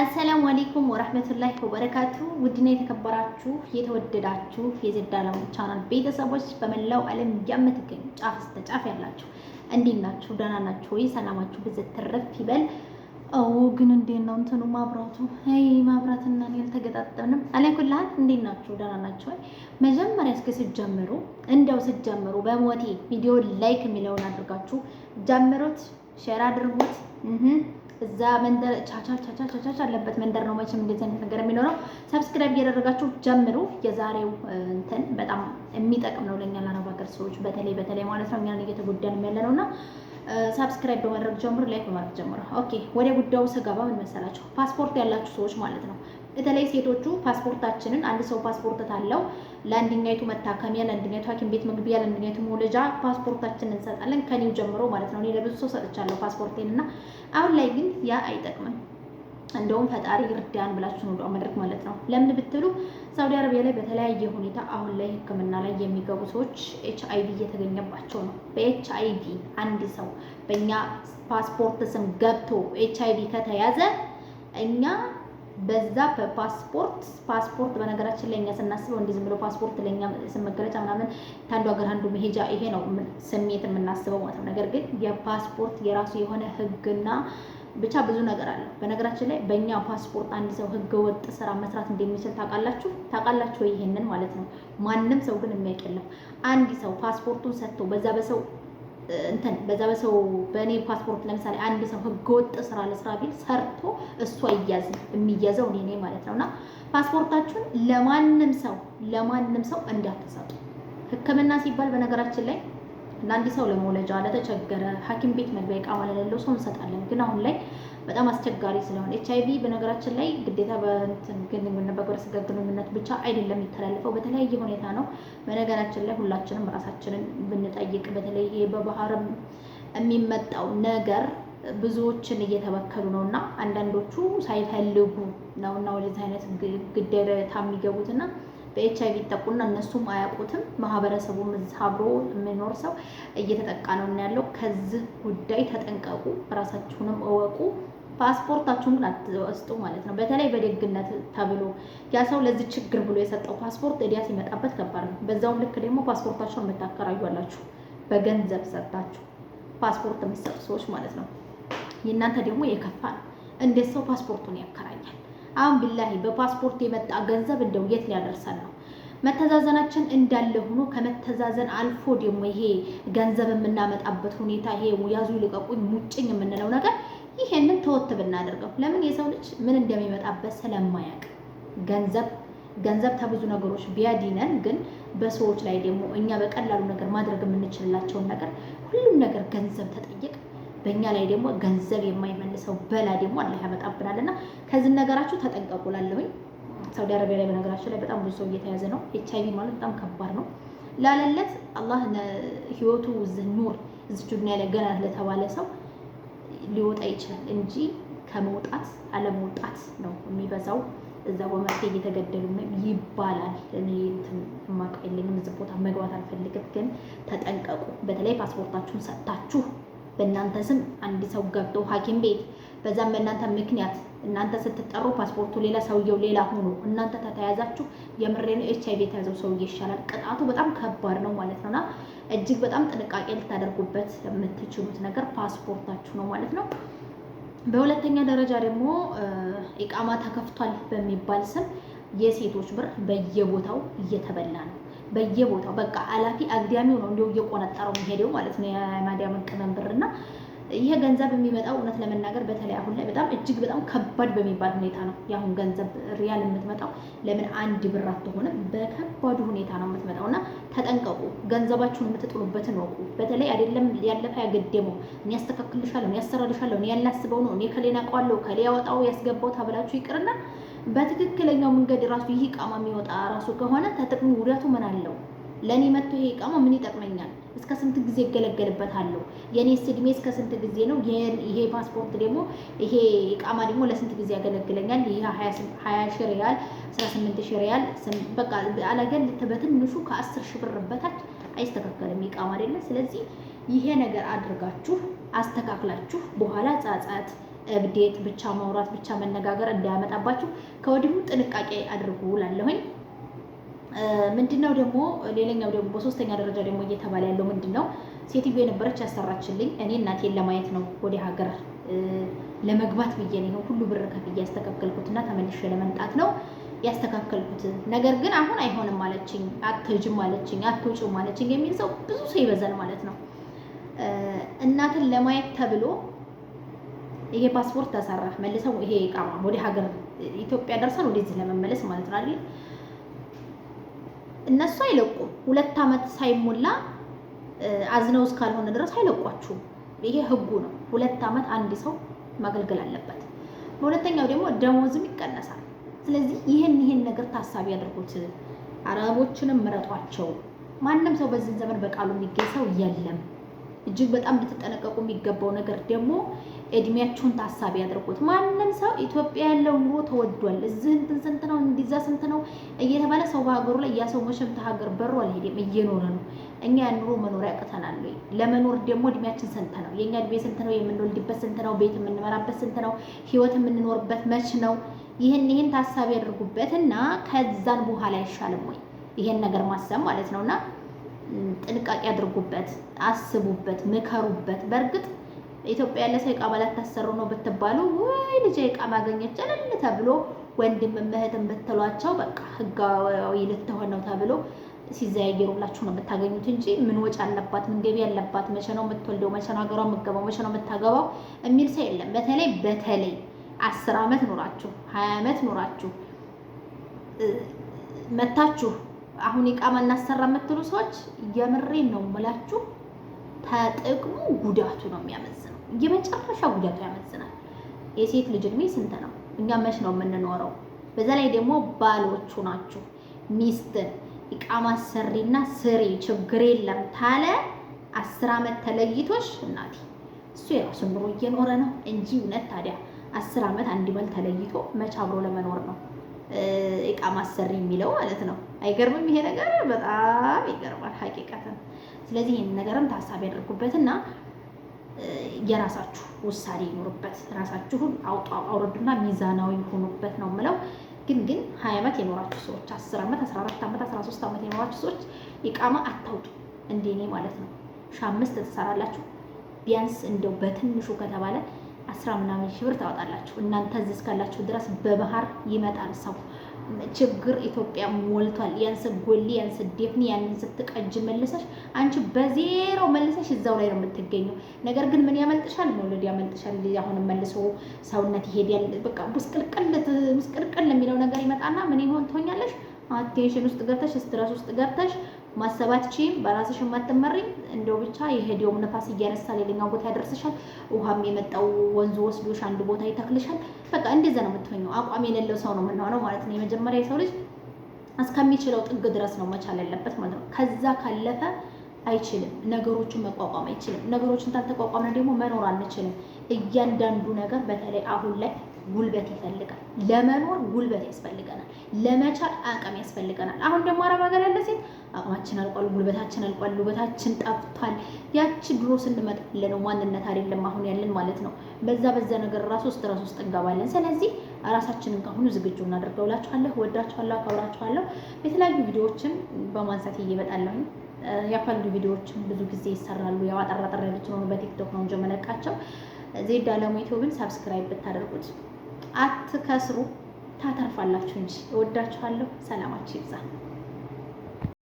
አሰላሙ አሌይኩም ወራህመቱላሂ ወበረካቱ። ውድና የተከበራችሁ የተወደዳችሁ የዜድ ቻናል ቤተሰቦች በመላው ዓለም የምትገኙ ጫፍ እስከ ጫፍ ያላችሁ እንዴት ናችሁ? ደህና ናችሁ ወይ? ሰላማችሁ ብዘት ትረፍ ይበል። ኦ ግን እንዴት ነው እንትኑ ማብራቱ? አይ ማብራትና እኔ አልተገጣጠምንም። አለኩላህ እንዴት ናችሁ? ደህና ናችሁ ወይ? መጀመሪያ እስኪ ስትጀምሩ እንደው ስትጀምሩ በሞቴ ቪዲዮ ላይክ የሚለውን አድርጋችሁ ጀምሩት፣ ሼር አድርጉት እዛ መንደር ቻቻ ቻቻ ቻቻ ያለበት መንደር ነው። መቼም እንደዚህ አይነት ነገር የሚኖረው ሰብስክራይብ እያደረጋችሁ ጀምሩ። የዛሬው እንትን በጣም የሚጠቅም ነው ለእኛ ለአረብ ሀገር ሰዎች በተለይ በተለይ ማለት ነው። እኛን እየተጎዳን ያለ እና ሳብስክራይብ በማድረግ ጀምሩ፣ ላይክ በማድረግ ጀምሩ። ኦኬ፣ ወደ ጉዳዩ ስገባ ምን መሰላችሁ፣ ፓስፖርት ያላችሁ ሰዎች ማለት ነው በተለይ ሴቶቹ ፓስፖርታችንን አንድ ሰው ፓስፖርት ታለው ለአንድኛይቱ መታከሚያ፣ ለአንድኛይቱ ሐኪም ቤት መግቢያ፣ ለአንድኛይቱ መውለጃ ፓስፖርታችንን እንሰጣለን ከኒው ጀምሮ ማለት ነው። እኔ ለብዙ ሰው ሰጥቻለሁ ፓስፖርቴን እና አሁን ላይ ግን ያ አይጠቅምም። እንደውም ፈጣሪ ይርዳን ብላችሁ ነው ማድረግ ማለት ነው። ለምን ብትሉ ሳውዲ አረቢያ ላይ በተለያየ ሁኔታ አሁን ላይ ሕክምና ላይ የሚገቡ ሰዎች ኤች አይ ቪ እየተገኘባቸው ነው። በኤች አይ ቪ አንድ ሰው በእኛ ፓስፖርት ስም ገብቶ ኤች አይ ቪ ከተያዘ እኛ በዛ በፓስፖርት ፓስፖርት በነገራችን ላይ እኛ ስናስበው እንዲህ ዝም ብሎ ፓስፖርት ለእኛ ስም መገለጫ ምናምን ከአንዱ ሀገር አንዱ መሄጃ ይሄ ነው ስሜት የምናስበው ማለት ነው። ነገር ግን የፓስፖርት የራሱ የሆነ ህግና ብቻ ብዙ ነገር አለ። በነገራችን ላይ በእኛ ፓስፖርት አንድ ሰው ህገ ወጥ ስራ መስራት እንደሚችል ታውቃላችሁ ታውቃላችሁ ይሄንን ማለት ነው። ማንም ሰው ግን የሚያውቅ የለም። አንድ ሰው ፓስፖርቱን ሰጥቶ በዛ በሰው እንትን በዛ በሰው በእኔ ፓስፖርት ለምሳሌ አንድ ሰው ህገወጥ ስራ ለስራ ቢል ሰርቶ እሱ አያዝ የሚያዘው እኔ ማለት ነው። እና ፓስፖርታችሁን ለማንም ሰው ለማንም ሰው እንዳትሰጡ። ህክምና ሲባል በነገራችን ላይ ለአንድ ሰው ለመውለጃ ለተቸገረ ሐኪም ቤት መግቢያ እቃ ለሌለው ሰው እንሰጣለን። ግን አሁን ላይ በጣም አስቸጋሪ ስለሆነ ኤች አይቪ በነገራችን ላይ ግዴታ ግንኙነት በግብረ ስጋ ግንኙነት ብቻ አይደለም የሚተላለፈው በተለያየ ሁኔታ ነው። በነገራችን ላይ ሁላችንም ራሳችንን ብንጠይቅ በተለይ ይሄ በባህርም የሚመጣው ነገር ብዙዎችን እየተበከሉ ነው እና አንዳንዶቹ ሳይፈልጉ ነው እና ወደዚህ አይነት ግዴታ የሚገቡት እና በኤች አይቪ ይጠቁና እነሱም አያውቁትም። ማህበረሰቡም አብሮ የሚኖር ሰው እየተጠቃ ነው ያለው። ከዚህ ጉዳይ ተጠንቀቁ፣ ራሳችሁንም እወቁ። ፓስፖርታችሁን ግን አትስጡ ማለት ነው። በተለይ በደግነት ተብሎ ያ ሰው ለዚህ ችግር ብሎ የሰጠው ፓስፖርት እዲያ ሲመጣበት ከባድ ነው። በዛውም ልክ ደግሞ ፓስፖርታችሁን የምታከራዩ አላችሁ። በገንዘብ ሰጣችሁ ፓስፖርት የምትሰጡ ሰዎች ማለት ነው። የእናንተ ደግሞ የከፋ ነው። እንዴት ሰው ፓስፖርቱን ያከራያል? አሁን ቢላሂ በፓስፖርት የመጣ ገንዘብ እንደው የት ሊያደርሰን ነው? መተዛዘናችን እንዳለ ሆኖ ከመተዛዘን አልፎ ደግሞ ይሄ ገንዘብ የምናመጣበት ሁኔታ ይሄ ያዙ ልቀቁኝ ሙጭኝ የምንለው ነገር ይሄንን ተወት ብናደርገው ለምን የሰው ልጅ ምን እንደሚመጣበት ስለማያውቅ ገንዘብ ገንዘብ ከብዙ ነገሮች ቢያድነን፣ ግን በሰዎች ላይ ደግሞ እኛ በቀላሉ ነገር ማድረግ የምንችልላቸውን ነገር ሁሉም ነገር ገንዘብ ተጠየቅ በእኛ ላይ ደግሞ ገንዘብ የማይመልሰው በላ ደግሞ አላህ ያመጣብናል። እና ከዚህ ነገራችሁ ተጠንቀቁ ሳውዲ አረቢያ ላይ በነገራችሁ ላይ በጣም ብዙ ሰው እየተያዘ ነው። ኤች ማለት በጣም ከባድ ነው። ላለለት አላህ ህይወቱ ዝኑር ኑር እዚህ ላይ ገና ለተባለ ሰው ሊወጣ ይችላል እንጂ ከመውጣት አለመውጣት ነው የሚበዛው። እዛ በመርፌ እየተገደሉ ይባላል። እኔ የማውቀው የለኝም። እዚህ ቦታ መግባት አልፈልግም፣ ግን ተጠንቀቁ። በተለይ ፓስፖርታችሁን ሰጥታችሁ በእናንተ ስም አንድ ሰው ገብቶ ሐኪም ቤት በዛም በእናንተ ምክንያት እናንተ ስትጠሩ ፓስፖርቱ ሌላ ሰውየው ሌላ ሆኖ እናንተ ተተያዛችሁ፣ የምሬን ኤች አይቪ የተያዘው ሰውዬ ይሻላል። ቅጣቱ በጣም ከባድ ነው ማለት ነውና እጅግ በጣም ጥንቃቄ ልታደርጉበት የምትችሉት ነገር ፓስፖርታችሁ ነው ማለት ነው። በሁለተኛ ደረጃ ደግሞ ኢቃማ ተከፍቷል በሚባል ስም የሴቶች ብር በየቦታው እየተበላ ነው። በየቦታው በቃ አላፊ አግዳሚው ነው እንዲሁ እየቆነጠረው የሚሄደው ማለት ነው የማዳም ቅመም ብር እና ይሄ ገንዘብ የሚመጣው እውነት ለመናገር በተለይ አሁን ላይ በጣም እጅግ በጣም ከባድ በሚባል ሁኔታ ነው። የአሁን ገንዘብ ሪያል የምትመጣው ለምን አንድ ብር አትሆንም? በከባዱ ሁኔታ ነው የምትመጣው እና ተጠንቀቁ። ገንዘባችሁን የምትጥሉበትን ወቁ። በተለይ አይደለም ያለፈ ያገደመው እኔ ያስተካክልሻለሁ፣ እኔ ያሰራልሻለሁ፣ እኔ ያላስበው ነው፣ እኔ ከሌና ቋለው ከሌ ያወጣው ያስገባው ተብላችሁ ይቅርና በትክክለኛው መንገድ ራሱ ይህ ቃማ የሚወጣ ራሱ ከሆነ ተጠቅሞ ጉዳቱ ምን አለው? ለእኔ መጥቶ ይሄ ቃማ ምን ይጠቅመኛል? እስከ ስንት ጊዜ እገለገልበታለሁ? የእኔ እድሜ እስከ ስንት ጊዜ ነው? ይሄ ፓስፖርት ደግሞ ይሄ ቃማ ደግሞ ለስንት ጊዜ ያገለግለኛል? ይሄ ሀያ ሺህ ሪያል አስራ ስምንት ሺህ ሪያል በቃ አላገል በትንሹ ከአስር ሺህ ብር በታች አይስተካከልም ይቃማ አይደለ። ስለዚህ ይሄ ነገር አድርጋችሁ አስተካክላችሁ በኋላ ጻጻት እብዴት ብቻ ማውራት ብቻ መነጋገር እንዳያመጣባችሁ ከወዲሁ ጥንቃቄ አድርጉ ላለሁኝ። ምንድነው ደግሞ ሌላኛው ደግሞ በሶስተኛ ደረጃ ደግሞ እየተባለ ያለው ምንድነው ሴትዮ የነበረች ያሰራችልኝ እኔ እናቴን ለማየት ነው ወደ ሀገር ለመግባት ብዬ ነው ሁሉ ብር ከፍዬ ያስተካከልኩትና ተመልሼ ለመምጣት ነው ያስተካከልኩት። ነገር ግን አሁን አይሆንም ማለችኝ፣ አትሄጂም ማለችኝ፣ አትወጪም ማለችኝ የሚል ሰው ብዙ ሰው ይበዛል ማለት ነው። እናትን ለማየት ተብሎ ይሄ ፓስፖርት ተሰራ መልሰው ይሄ ቃማ ወደ ሀገር ኢትዮጵያ ደርሰን ወደዚህ ለመመለስ ማለት ነው አይደል? እነሱ አይለቁም። ሁለት ዓመት ሳይሞላ አዝነው እስካልሆነ ድረስ አይለቋችሁም። ይሄ ህጉ ነው። ሁለት ዓመት አንድ ሰው ማገልገል አለበት። በሁለተኛው ደግሞ ደሞዝም ይቀነሳል። ስለዚህ ይህን ይህን ነገር ታሳቢ ያድርጉት። አረቦችንም ምረጧቸው። ማንም ሰው በዚህ ዘመን በቃሉ የሚገኝ ሰው የለም። እጅግ በጣም ልትጠነቀቁ የሚገባው ነገር ደግሞ እድሜያችሁን ታሳቢ ያድርጉት። ማንም ሰው ኢትዮጵያ ያለው ኑሮ ተወዷል። እዚህ እንትን ስንት ነው እንዲዛ ስንት ነው እየተባለ ሰው በሀገሩ ላይ ያ ሰው መቼም ተሀገር በሩ አልሄደም እየኖረ ነው። እኛ ያን ኑሮ መኖር ያቅተናል ወይ? ለመኖር ደግሞ እድሜያችን ስንት ነው? የእኛ እድሜ ስንት ነው? የምንወልድበት ስንት ነው? ቤት የምንመራበት ስንት ነው? ህይወት የምንኖርበት መች ነው? ይህን ይህን ታሳቢ ያድርጉበትና ከዛን በኋላ አይሻልም ወይ? ይሄን ነገር ማሰብ ማለት ነውና ጥንቃቄ አድርጉበት፣ አስቡበት፣ ምከሩበት በእርግጥ ኢትዮጵያ ያለ ሰው እቃ ባላት ታሰሩ ነው ብትባሉ ወይ ልጅ እቃ ማገኘት ጨለል ተብሎ ወንድም እህትም ብትሏቸው በቃ ህጋዊ ልትሆን ነው ተብሎ ሲዘያየሩላችሁ ነው የምታገኙት እንጂ ምን ወጪ አለባት፣ ምን ገቢ አለባት፣ መቼ ነው የምትወልደው፣ መቼ ነው ሀገሯ የምትገባው፣ መቼ ነው የምታገባው የሚል ሰው የለም። በተለይ በተለይ አስር ዓመት ኖራችሁ ሀያ ዓመት ኖራችሁ መታችሁ አሁን ይቃማ እናሰራ የምትሉ ሰዎች የምሬን ነው ምላችሁ ተጥቅሙ ጉዳቱ ነው የሚያመዝነው። የመጨረሻ ጉዳት ያመዝናል። የሴት ልጅ እድሜ ስንት ነው? እኛ መች ነው የምንኖረው? በዛ ላይ ደግሞ ባሎቹ ናችሁ ሚስትን ይቃማ ሰሪና ስሪ ችግር የለም ታለ አስር ዓመት ተለይቶሽ እናቴ እሱ የራሱ ኑሮ እየኖረ ነው እንጂ እውነት ታዲያ አስር ዓመት አንድ ባል ተለይቶ መች አብሮ ለመኖር ነው ኢቃማ ሰሪ የሚለው ማለት ነው። አይገርምም? ይሄ ነገር በጣም ይገርማል ሀቂቀትን ስለዚህ ይህን ነገርም ታሳቢ ያደርጉበትና የራሳችሁ ውሳኔ ይኖርበት፣ ራሳችሁን አውርዱና ሚዛናዊ ሆኑበት ነው የምለው። ግን ግን ሀያ ዓመት የኖራችሁ ሰዎች አስር ዓመት አስራ አራት ዓመት አስራ ሶስት ዓመት የኖራችሁ ሰዎች ኢቃማ አታውጡ፣ እንደኔ ማለት ነው። ሺህ አምስት ትሰራላችሁ ቢያንስ እንደው በትንሹ ከተባለ አስራ ምናምን ሺህ ብር ታወጣላችሁ። እናንተ እዚህ እስካላችሁ ድረስ በባህር ይመጣል ሰው ችግር ኢትዮጵያ ሞልቷል። ያንስ ጎሌ ያንስ ዴፍኒ ያንን ስትቀጅ መልሰሽ አንቺ በዜሮ መልሰሽ እዛው ላይ ነው የምትገኘው። ነገር ግን ምን ያመልጥሻል? መውለድ ያመልጥሻል። አሁን መልሶ ሰውነት ይሄዳል። በቃ ምስቅልቅል የሚለው ነገር ይመጣና ምን ይሆን ትሆኛለሽ? አቴንሽን ውስጥ ገብተሽ ስትረስ ውስጥ ገብተሽ ማሰባት ቺም በራስሽ የማትመሪ እንደው ብቻ የሄደውም ነፋስ እያነሳ ሌላኛው ቦታ ያደርስሻል። ውሃም የመጣው ወንዙ ወስዶሽ አንድ ቦታ ይተክልሻል። በቃ እንደዛ ነው የምትሆኘው። አቋም የሌለው ሰው ነው የምንሆነው ማለት ነው። የመጀመሪያ የሰው ልጅ እስከሚችለው ጥግ ድረስ ነው መቻል ያለበት ማለት ነው። ከዛ ካለፈ አይችልም፣ ነገሮቹን መቋቋም አይችልም። ነገሮችን ካልተቋቋመ ደግሞ መኖር አንችልም። እያንዳንዱ ነገር በተለይ አሁን ላይ ጉልበት ይፈልጋል። ለመኖር ጉልበት ያስፈልገናል። ለመቻል አቅም ያስፈልገናል። አሁን ደግሞ አረብ ሀገር ያለ ሴት አቅማችን አልቋል፣ ጉልበታችን አልቋል፣ ውበታችን ጠፍቷል። ያቺ ድሮ ስንመጣ ያለነው ማንነት አይደለም አሁን ያለን ማለት ነው። በዛ በዛ ነገር ራስ ውስጥ ራስ ውስጥ እንገባለን። ስለዚህ ራሳችንን ከአሁኑ ዝግጁ እናደርገው። እላችኋለሁ፣ ወዳችኋለሁ፣ አከብራችኋለሁ። የተለያዩ ቪዲዮዎችን በማንሳት እየመጣለሁ ያፋልጉ ቪዲዮዎችን ብዙ ጊዜ ይሰራሉ። ያው አጠራጠር ያሉት በቲክቶክ ነው እንጂ መለቃቸው ዜድ አለሙ ዩቲዩብን ሳብስክራይብ ብታደርጉት አትከስሩ፣ ታተርፋላችሁ እንጂ። እወዳችኋለሁ። ሰላማችሁ ይብዛ።